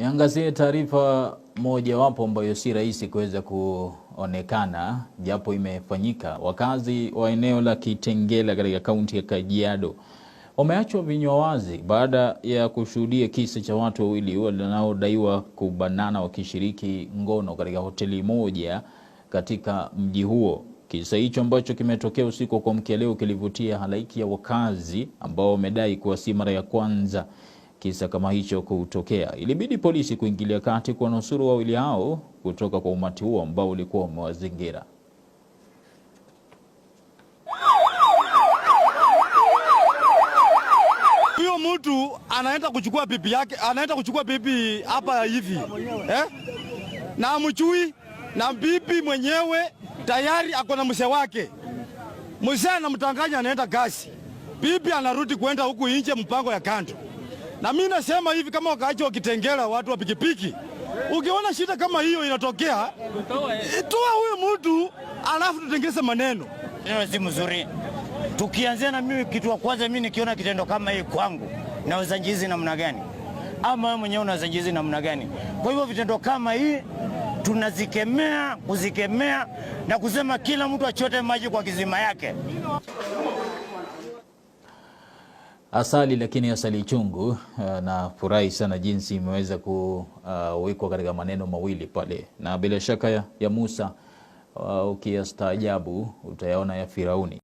Niangazie taarifa mojawapo ambayo si rahisi kuweza kuonekana japo imefanyika. Wakazi wa eneo la Kitengela katika kaunti ya Kajiado wameachwa vinywa wazi baada ya kushuhudia kisa cha watu wawili wanaodaiwa kubanana wakishiriki ngono katika hoteli moja katika mji huo. Kisa hicho ambacho kimetokea usiku wa kuamkia leo kilivutia halaiki ya wakazi ambao wamedai kuwa si mara ya kwanza kisa kama hicho kutokea, ilibidi polisi kuingilia kati kuwanusuru wawili hao kutoka kwa umati huo ambao ulikuwa umewazingira. Hiyo mtu anaenda kuchukua bibi yake, anaenda kuchukua pipi hapa hivi eh? na mchui na bibi mwenyewe tayari ako na mzee wake, mzee anamtanganya anaenda gasi, pipi anarudi kwenda huku nje mpango ya kando na mimi nasema hivi, kama wakaacha wakitengela watu wa pikipiki, ukiona shida kama hiyo inatokea, toa huyo mtu alafu tutengeze maneno. Hiyo si mzuri, tukianzia na mimi. Kitu ya kwanza mimi nikiona kitendo kama hii kwangu, naweza njizi namna gani? Ama wewe mwenyewe unaweza njizi namna gani? Kwa hivyo vitendo kama hii tunazikemea, kuzikemea na kusema kila mtu achote maji kwa kizima yake asali lakini asali chungu. Eh, na furahi sana jinsi imeweza kuwekwa katika maneno mawili pale, na bila shaka ya Musa eh, ukiyastaajabu utayaona ya Firauni.